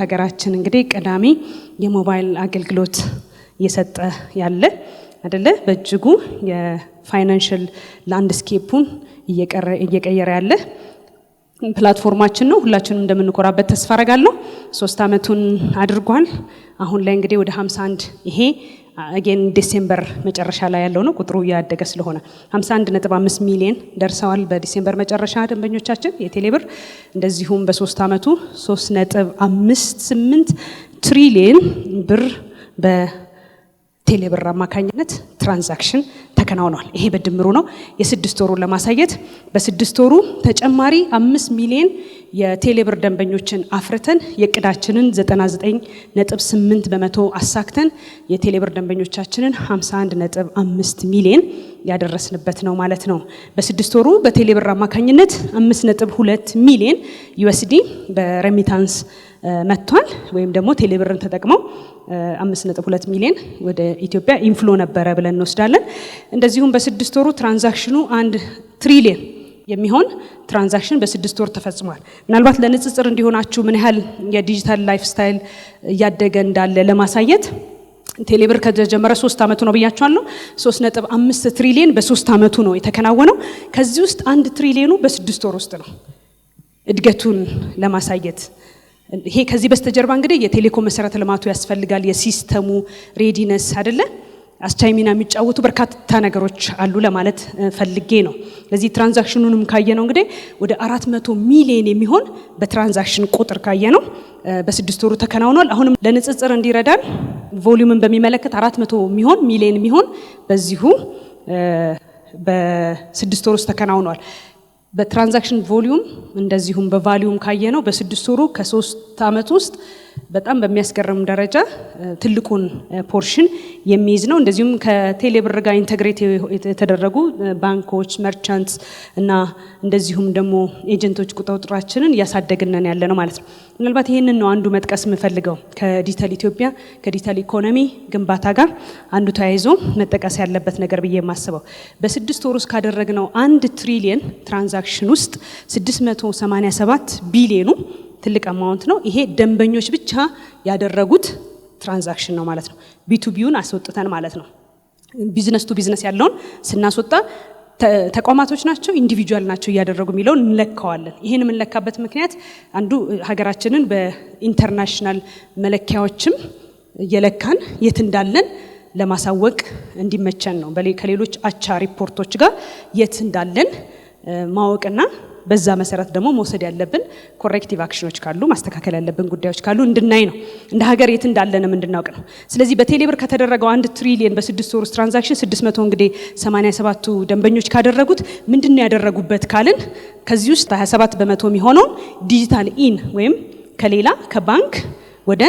ሀገራችን እንግዲህ ቀዳሚ የሞባይል አገልግሎት እየሰጠ ያለ አደለ። በእጅጉ የፋይናንሽል ላንድስኬፑን እየቀየረ ያለ ፕላትፎርማችን ነው። ሁላችንም እንደምንኮራበት ተስፋ አረጋለሁ። ሶስት አመቱን አድርጓል። አሁን ላይ እንግዲህ ወደ 51 ይሄ አገን ዲሴምበር መጨረሻ ላይ ያለው ነው። ቁጥሩ እያደገ ስለሆነ 51.5 ሚሊዮን ደርሰዋል። በዲሴምበር መጨረሻ ደንበኞቻችን የቴሌብር እንደዚሁም በሶስት አመቱ 3.58 ትሪሊየን ብር በቴሌብር አማካኝነት ትራንዛክሽን ተከናውኗል። ይሄ በድምሩ ነው የስድስት ወሩን ለማሳየት በስድስት ወሩ ተጨማሪ አምስት ሚሊዮን የቴሌብር ደንበኞችን አፍርተን የእቅዳችንን 99.8 በመቶ አሳክተን የቴሌብር ደንበኞቻችንን 51.5 ሚሊዮን ያደረስንበት ነው ማለት ነው። በስድስት ወሩ በቴሌብር አማካኝነት 5.2 ሚሊዮን ዩኤስዲ በሬሚታንስ መጥቷል ወይም ደግሞ ቴሌብርን ተጠቅመው 5.2 ሚሊዮን ወደ ኢትዮጵያ ኢንፍሎ ነበረ ብለን እንወስዳለን። እንደዚሁም በስድስት ወሩ ትራንዛክሽኑ አንድ ትሪሊየን የሚሆን ትራንዛክሽን በስድስት ወር ተፈጽሟል። ምናልባት ለንጽጽር እንዲሆናችሁ ምን ያህል የዲጂታል ላይፍ ስታይል እያደገ እንዳለ ለማሳየት ቴሌብር ከተጀመረ ሶስት ዓመቱ ነው ብያቸዋለሁ። ሶስት ነጥብ አምስት ትሪሊየን በሶስት አመቱ ነው የተከናወነው። ከዚህ ውስጥ አንድ ትሪሊየኑ በስድስት ወር ውስጥ ነው እድገቱን ለማሳየት ይሄ ከዚህ በስተጀርባ እንግዲህ የቴሌኮም መሰረተ ልማቱ ያስፈልጋል፣ የሲስተሙ ሬዲነስ አይደለ አስቻይ ሚና የሚጫወቱ በርካታ ነገሮች አሉ ለማለት ፈልጌ ነው። ለዚህ ትራንዛክሽኑንም ካየ ነው እንግዲህ ወደ አራት መቶ ሚሊዮን የሚሆን በትራንዛክሽን ቁጥር ካየ ነው በስድስት ወሩ ተከናውኗል። አሁንም ለንጽጽር እንዲረዳን ቮሊዩምን በሚመለከት አራት መቶ የሚሆን ሚሊየን የሚሆን በዚሁ በስድስት ወር ውስጥ ተከናውኗል። በትራንዛክሽን ቮሊዩም እንደዚሁም በቫሊዩም ካየነው በስድስት ወሩ ከሶስት ዓመት ውስጥ በጣም በሚያስገርም ደረጃ ትልቁን ፖርሽን የሚይዝ ነው። እንደዚሁም ከቴሌብር ጋር ኢንተግሬት የተደረጉ ባንኮች፣ መርቻንት እና እንደዚሁም ደግሞ ኤጀንቶች ቁጥጥራችንን እያሳደግነን ያለ ነው ማለት ነው። ምናልባት ይህንን ነው አንዱ መጥቀስ የምፈልገው ከዲጂታል ኢትዮጵያ ከዲጂታል ኢኮኖሚ ግንባታ ጋር አንዱ ተያይዞ መጠቀስ ያለበት ነገር ብዬ የማስበው በስድስት ወር ውስጥ ካደረግነው አንድ ትሪሊየን ትራንዛክሽን ውስጥ 687 ቢሊዮኑ ትልቅ አማውንት ነው። ይሄ ደንበኞች ብቻ ያደረጉት ትራንዛክሽን ነው ማለት ነው። ቢቱቢውን አስወጥተን ማለት ነው። ቢዝነስ ቱ ቢዝነስ ያለውን ስናስወጣ ተቋማቶች ናቸው ኢንዲቪጁዋል ናቸው እያደረጉ የሚለውን እንለካዋለን። ይህን የምንለካበት ምክንያት አንዱ ሀገራችንን በኢንተርናሽናል መለኪያዎችም እየለካን የት እንዳለን ለማሳወቅ እንዲመቸን ነው። ከሌሎች አቻ ሪፖርቶች ጋር የት እንዳለን ማወቅና በዛ መሰረት ደግሞ መውሰድ ያለብን ኮሬክቲቭ አክሽኖች ካሉ ማስተካከል ያለብን ጉዳዮች ካሉ እንድናይ ነው። እንደ ሀገር የት እንዳለንም እንድናውቅ ነው። ስለዚህ በቴሌብር ከተደረገው አንድ ትሪሊየን በስድስት ወር ውስጥ ትራንዛክሽን ስድስት መቶ እንግዲህ ሰማንያ ሰባቱ ደንበኞች ካደረጉት ምንድን ነው ያደረጉበት ካልን ከዚህ ውስጥ 27 በመቶ የሚሆነው ዲጂታል ኢን ወይም ከሌላ ከባንክ ወደ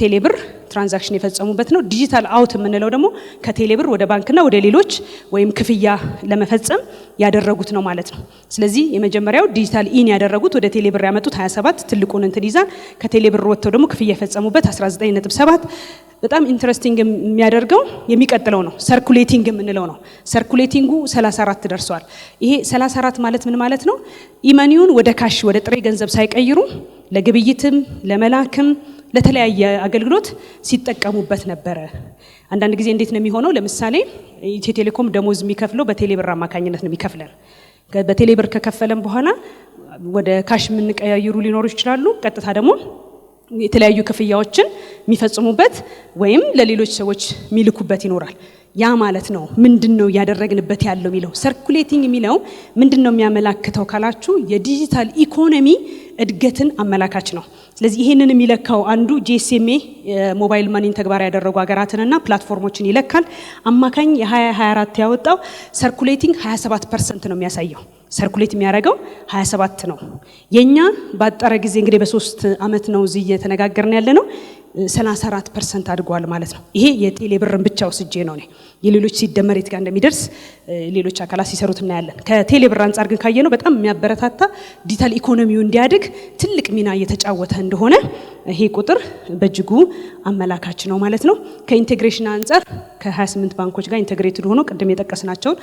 ቴሌብር ትራንዛክሽን የፈጸሙበት ነው። ዲጂታል አውት የምንለው ደግሞ ከቴሌብር ወደ ባንክና ወደ ሌሎች ወይም ክፍያ ለመፈጸም ያደረጉት ነው ማለት ነው። ስለዚህ የመጀመሪያው ዲጂታል ኢን ያደረጉት ወደ ቴሌብር ያመጡት 27 ትልቁን እንትን ይዛን ከቴሌብር ወጥተው ደግሞ ክፍያ የፈጸሙበት 19.7 በጣም ኢንትረስቲንግ የሚያደርገው የሚቀጥለው ነው፣ ሰርኩሌቲንግ የምንለው ነው። ሰርኩሌቲንጉ 34 ደርሷል። ይሄ 34 ማለት ምን ማለት ነው? ኢመኒውን ወደ ካሽ ወደ ጥሬ ገንዘብ ሳይቀይሩ ለግብይትም ለመላክም ለተለያየ አገልግሎት ሲጠቀሙበት ነበረ። አንዳንድ ጊዜ እንዴት ነው የሚሆነው? ለምሳሌ ኢትዮ ቴሌኮም ደሞዝ የሚከፍለው በቴሌብር አማካኝነት ነው የሚከፍለን። በቴሌብር ከከፈለን በኋላ ወደ ካሽ የምንቀያየሩ ሊኖሩ ይችላሉ። ቀጥታ ደግሞ የተለያዩ ክፍያዎችን የሚፈጽሙበት ወይም ለሌሎች ሰዎች የሚልኩበት ይኖራል። ያ ማለት ነው ምንድን ነው እያደረግንበት ያለው የሚለው ሰርኩሌቲንግ የሚለው ምንድን ነው የሚያመላክተው ካላችሁ የዲጂታል ኢኮኖሚ እድገትን አመላካች ነው። ስለዚህ ይህንን የሚለካው አንዱ ጂኤስኤምኤ ሞባይል መኒን ተግባር ያደረጉ ሀገራትንና ፕላትፎርሞችን ይለካል። አማካኝ የ2024 ያወጣው ሰርኩሌቲንግ 27 ፐርሰንት ነው የሚያሳየው። ሰርኩሌት የሚያደርገው 27 ነው። የእኛ ባጠረ ጊዜ እንግዲህ በሶስት ዓመት ነው እዚህ እየተነጋገርን ያለ ነው 34 ፐርሰንት አድጓል ማለት ነው። ይሄ የቴሌ ብቻ ወስጄ ነው እኔ የሌሎች ሲደመር የት ጋር እንደሚደርስ ሌሎች አካላት ሲሰሩት እናያለን። ከቴሌብር አንጻር ግን ካየነው በጣም የሚያበረታታ ዲጂታል ኢኮኖሚው እንዲያድግ ትልቅ ሚና እየተጫወተ እንደሆነ ይሄ ቁጥር በእጅጉ አመላካች ነው ማለት ነው። ከኢንቴግሬሽን አንጻር ከ28 ባንኮች ጋር ኢንቴግሬትድ ሆኖ ቅድም የጠቀስናቸውን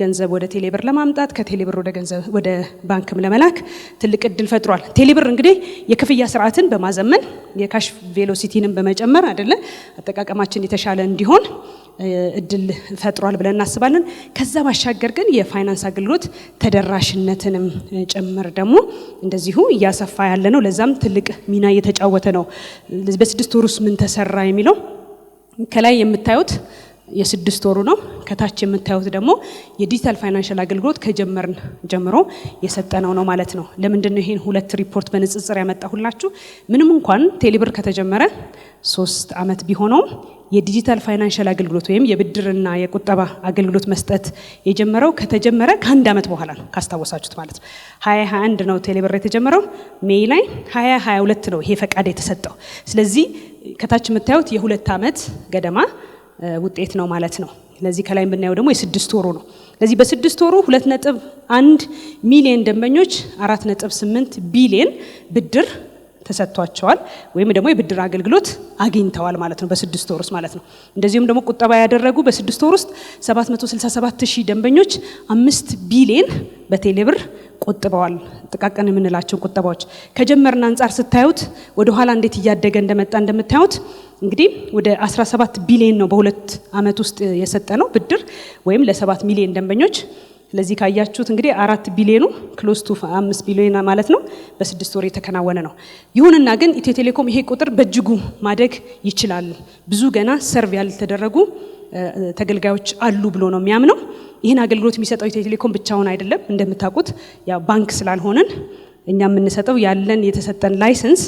ገንዘብ ወደ ቴሌብር ለማምጣት ከቴሌብር ወደ ገንዘብ ወደ ባንክም ለመላክ ትልቅ እድል ፈጥሯል። ቴሌብር እንግዲህ የክፍያ ስርዓትን በማዘመን የካሽ ቬሎሲቲንም በመጨመር አይደለ አጠቃቀማችን የተሻለ እንዲሆን እድል ፈጥሯል ብለን እናስባለን። ከዛ ባሻገር ግን የፋይናንስ አገልግሎት ተደራሽነትንም ጭምር ደግሞ እንደዚሁ እያሰፋ ያለ ነው። ለዛም ትልቅ ሚና እየተጫወተ ነው። በስድስት ወር ውስጥ ምን ተሰራ የሚለው ከላይ የምታዩት የስድስት ወሩ ነው። ከታች የምታዩት ደግሞ የዲጂታል ፋይናንሻል አገልግሎት ከጀመርን ጀምሮ የሰጠነው ነው ማለት ነው። ለምንድን ነው ይህን ሁለት ሪፖርት በንጽጽር ያመጣሁላችሁ? ምንም እንኳን ቴሌብር ከተጀመረ ሶስት ዓመት ቢሆነውም የዲጂታል ፋይናንሻል አገልግሎት ወይም የብድርና የቁጠባ አገልግሎት መስጠት የጀመረው ከተጀመረ ከአንድ ዓመት በኋላ ነው። ካስታወሳችሁት ማለት ነው 2021 ነው ቴሌብር የተጀመረው፣ ሜይ ላይ 2022 ነው ይሄ ፈቃድ የተሰጠው። ስለዚህ ከታች የምታዩት የሁለት ዓመት ገደማ ውጤት ነው ማለት ነው። ለዚህ ከላይ የምናየው ደግሞ የስድስት ወሩ ነው። ለዚህ በስድስት ወሩ ሁለት ነጥብ አንድ ሚሊየን ደንበኞች አራት ነጥብ ስምንት ቢሊየን ብድር ተሰጥቷቸዋል ወይም ደግሞ የብድር አገልግሎት አግኝተዋል ማለት ነው በስድስት ወር ውስጥ ማለት ነው። እንደዚሁም ደግሞ ቁጠባ ያደረጉ በስድስት ወር ውስጥ 767 ሺህ ደንበኞች አምስት ቢሊየን በቴሌብር ቆጥበዋል። ጥቃቅን የምንላቸውን ቁጠባዎች ከጀመርን አንጻር ስታዩት ወደኋላ እንዴት እያደገ እንደመጣ እንደምታዩት እንግዲህ ወደ 17 ቢሊዮን ነው በሁለት ዓመት ውስጥ የሰጠ ነው ብድር ወይም ለ7 ሚሊዮን ደንበኞች ስለዚህ ካያችሁት እንግዲህ አራት ቢሊዮኑ ክሎስ ቱ አምስት ቢሊዮን ማለት ነው በስድስት ወር የተከናወነ ነው። ይሁንና ግን ኢትዮ ቴሌኮም ይሄ ቁጥር በእጅጉ ማደግ ይችላል። ብዙ ገና ሰርቭ ያልተደረጉ ተገልጋዮች አሉ ብሎ ነው የሚያምነው። ይህን አገልግሎት የሚሰጠው ኢትዮ ቴሌኮም ብቻውን አይደለም። እንደምታውቁት ያው ባንክ ስላልሆንን እኛ የምንሰጠው ያለን የተሰጠን ላይሰንስ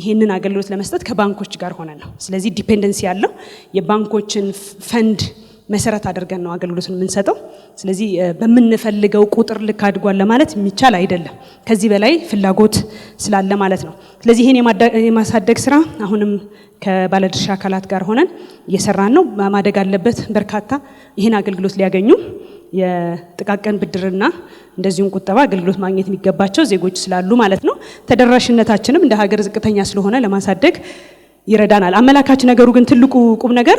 ይህንን አገልግሎት ለመስጠት ከባንኮች ጋር ሆነ ነው። ስለዚህ ዲፔንደንሲ ያለው የባንኮችን ፈንድ መሰረት አድርገን ነው አገልግሎትን የምንሰጠው። ስለዚህ በምንፈልገው ቁጥር ልክ አድጓል ለማለት የሚቻል አይደለም። ከዚህ በላይ ፍላጎት ስላለ ማለት ነው። ስለዚህ ይህን የማሳደግ ስራ አሁንም ከባለድርሻ አካላት ጋር ሆነን እየሰራን ነው። ማደግ አለበት። በርካታ ይህን አገልግሎት ሊያገኙ የጥቃቅን ብድርና እንደዚሁም ቁጠባ አገልግሎት ማግኘት የሚገባቸው ዜጎች ስላሉ ማለት ነው። ተደራሽነታችንም እንደ ሀገር ዝቅተኛ ስለሆነ ለማሳደግ ይረዳናል። አመላካች ነገሩ ግን ትልቁ ቁም ነገር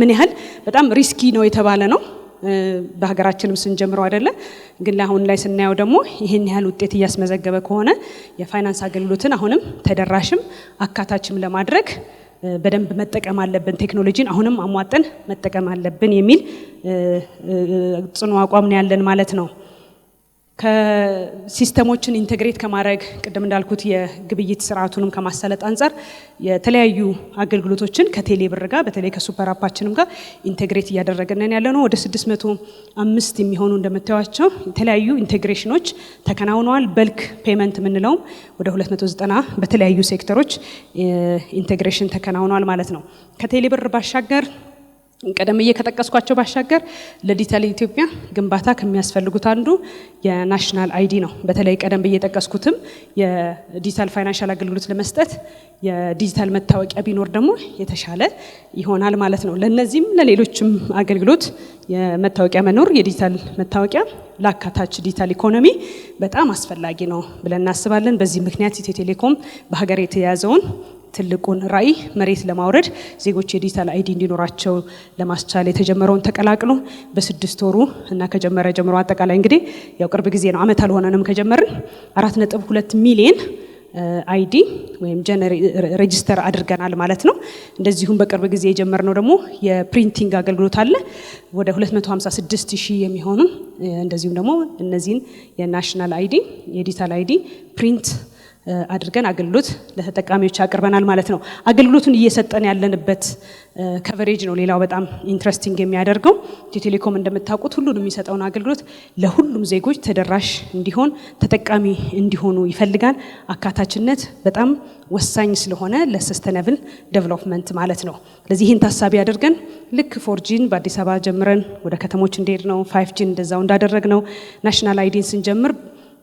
ምን ያህል በጣም ሪስኪ ነው የተባለ ነው። በሀገራችንም ስንጀምረው አይደለ ግን ለአሁን ላይ ስናየው ደግሞ ይህን ያህል ውጤት እያስመዘገበ ከሆነ የፋይናንስ አገልግሎትን አሁንም ተደራሽም አካታችም ለማድረግ በደንብ መጠቀም አለብን፣ ቴክኖሎጂን አሁንም አሟጠን መጠቀም አለብን የሚል ጽኑ አቋም ነው ያለን ማለት ነው። ከሲስተሞችን ኢንተግሬት ከማድረግ ቅድም እንዳልኩት የግብይት ስርዓቱንም ከማሳለጥ አንጻር የተለያዩ አገልግሎቶችን ከቴሌ ብር ጋር በተለይ ከሱፐር አፓችንም ጋር ኢንተግሬት እያደረገነን ያለ ነው። ወደ 605 የሚሆኑ እንደምታዩቸው የተለያዩ ኢንቴግሬሽኖች ተከናውነዋል። በልክ ፔመንት የምንለውም ወደ 290 በተለያዩ ሴክተሮች ኢንቴግሬሽን ተከናውነዋል ማለት ነው። ከቴሌ ብር ባሻገር ቀደም ብዬ ከጠቀስኳቸው ባሻገር ለዲጂታል ኢትዮጵያ ግንባታ ከሚያስፈልጉት አንዱ የናሽናል አይዲ ነው። በተለይ ቀደም ብዬ የጠቀስኩትም የዲጂታል ፋይናንሻል አገልግሎት ለመስጠት የዲጂታል መታወቂያ ቢኖር ደግሞ የተሻለ ይሆናል ማለት ነው። ለነዚህም ለሌሎችም አገልግሎት የመታወቂያ መኖር የዲጂታል መታወቂያ ለአካታች ዲጂታል ኢኮኖሚ በጣም አስፈላጊ ነው ብለን እናስባለን። በዚህ ምክንያት ኢትዮ ቴሌኮም በሀገር የተያዘውን ትልቁን ራዕይ መሬት ለማውረድ ዜጎች የዲጂታል አይዲ እንዲኖራቸው ለማስቻል የተጀመረውን ተቀላቅሎ በስድስት ወሩ እና ከጀመረ ጀምሮ አጠቃላይ እንግዲህ ያው ቅርብ ጊዜ ነው፣ አመት አልሆነንም ከጀመርን አራት ነጥብ ሁለት ሚሊየን አይዲ ወይም ሬጅስተር አድርገናል ማለት ነው። እንደዚሁም በቅርብ ጊዜ የጀመርነው ደግሞ የፕሪንቲንግ አገልግሎት አለ። ወደ 256 ሺህ የሚሆኑ እንደዚሁም ደግሞ እነዚህን የናሽናል አይዲ የዲጂታል አይዲ ፕሪንት አድርገን አገልግሎት ለተጠቃሚዎች አቅርበናል ማለት ነው። አገልግሎቱን እየሰጠን ያለንበት ከቨሬጅ ነው። ሌላው በጣም ኢንትረስቲንግ የሚያደርገው ኢትዮ ቴሌኮም እንደምታውቁት ሁሉንም የሚሰጠውን አገልግሎት ለሁሉም ዜጎች ተደራሽ እንዲሆን ተጠቃሚ እንዲሆኑ ይፈልጋል። አካታችነት በጣም ወሳኝ ስለሆነ ለሰስተነብል ዴቨሎፕመንት ማለት ነው። ስለዚህ ይህን ታሳቢ አድርገን ልክ ፎርጂን በአዲስ አበባ ጀምረን ወደ ከተሞች እንደሄድ ነው፣ ፋይቭጂን እንደዛው እንዳደረግ ነው፣ ናሽናል አይዲን ስንጀምር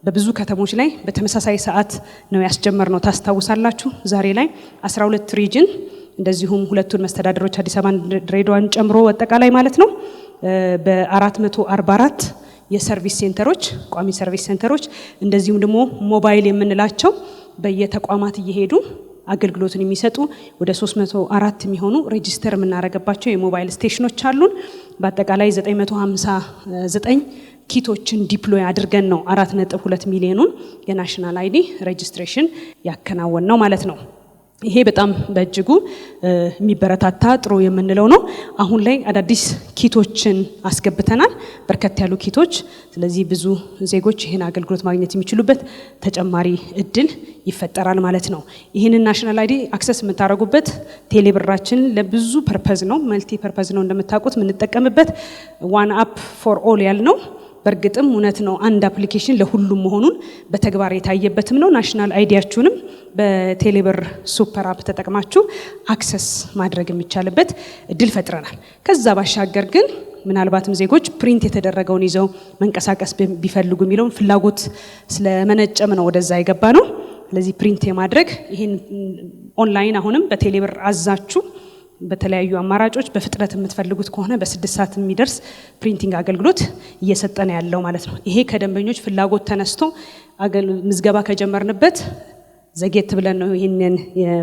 በብዙ ከተሞች ላይ በተመሳሳይ ሰዓት ነው ያስጀመር ነው ታስታውሳላችሁ። ዛሬ ላይ 12 ሪጅን እንደዚሁም ሁለቱን መስተዳደሮች አዲስ አበባን ድሬዳዋን ጨምሮ አጠቃላይ ማለት ነው በ444 የሰርቪስ ሴንተሮች ቋሚ ሰርቪስ ሴንተሮች እንደዚሁም ደግሞ ሞባይል የምንላቸው በየተቋማት እየሄዱ አገልግሎትን የሚሰጡ ወደ 304 የሚሆኑ ሬጂስተር የምናደርግባቸው የሞባይል ስቴሽኖች አሉን። በአጠቃላይ 959 ኪቶችን ዲፕሎይ አድርገን ነው አራት ነጥብ ሁለት ሚሊዮኑን የናሽናል አይዲ ሬጅስትሬሽን ያከናወን ነው ማለት ነው። ይሄ በጣም በእጅጉ የሚበረታታ ጥሩ የምንለው ነው። አሁን ላይ አዳዲስ ኪቶችን አስገብተናል፣ በርከት ያሉ ኪቶች። ስለዚህ ብዙ ዜጎች ይህን አገልግሎት ማግኘት የሚችሉበት ተጨማሪ እድል ይፈጠራል ማለት ነው። ይህንን ናሽናል አይዲ አክሰስ የምታደርጉበት ቴሌብራችን ለብዙ ፐርፐዝ ነው፣ መልቲ ፐርፐዝ ነው እንደምታውቁት የምንጠቀምበት ዋን አፕ ፎር ኦል ያል ነው። በእርግጥም እውነት ነው አንድ አፕሊኬሽን ለሁሉም መሆኑን በተግባር የታየበትም ነው። ናሽናል አይዲያችሁንም በቴሌብር ሱፐር አፕ ተጠቅማችሁ አክሰስ ማድረግ የሚቻልበት እድል ፈጥረናል። ከዛ ባሻገር ግን ምናልባትም ዜጎች ፕሪንት የተደረገውን ይዘው መንቀሳቀስ ቢፈልጉ የሚለውን ፍላጎት ስለመነጨም ነው ወደዛ የገባ ነው። ስለዚህ ፕሪንት የማድረግ ይህን ኦንላይን አሁንም በቴሌብር አዛችሁ በተለያዩ አማራጮች በፍጥነት የምትፈልጉት ከሆነ በስድስት ሰዓት የሚደርስ ፕሪንቲንግ አገልግሎት እየሰጠን ያለው ማለት ነው። ይሄ ከደንበኞች ፍላጎት ተነስቶ ምዝገባ ከጀመርንበት ዘጌት ብለን ነው ይህንን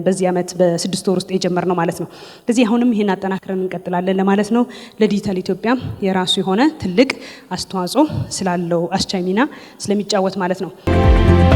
በዚህ ዓመት በስድስት ወር ውስጥ ነው ማለት ነው። ስለዚህ አሁንም ይህን አጠናክረን እንቀጥላለን ለማለት ነው። ለዲጂታል ኢትዮጵያም የራሱ የሆነ ትልቅ አስተዋጽኦ ስላለው አስቻይ ሚና ስለሚጫወት ማለት ነው።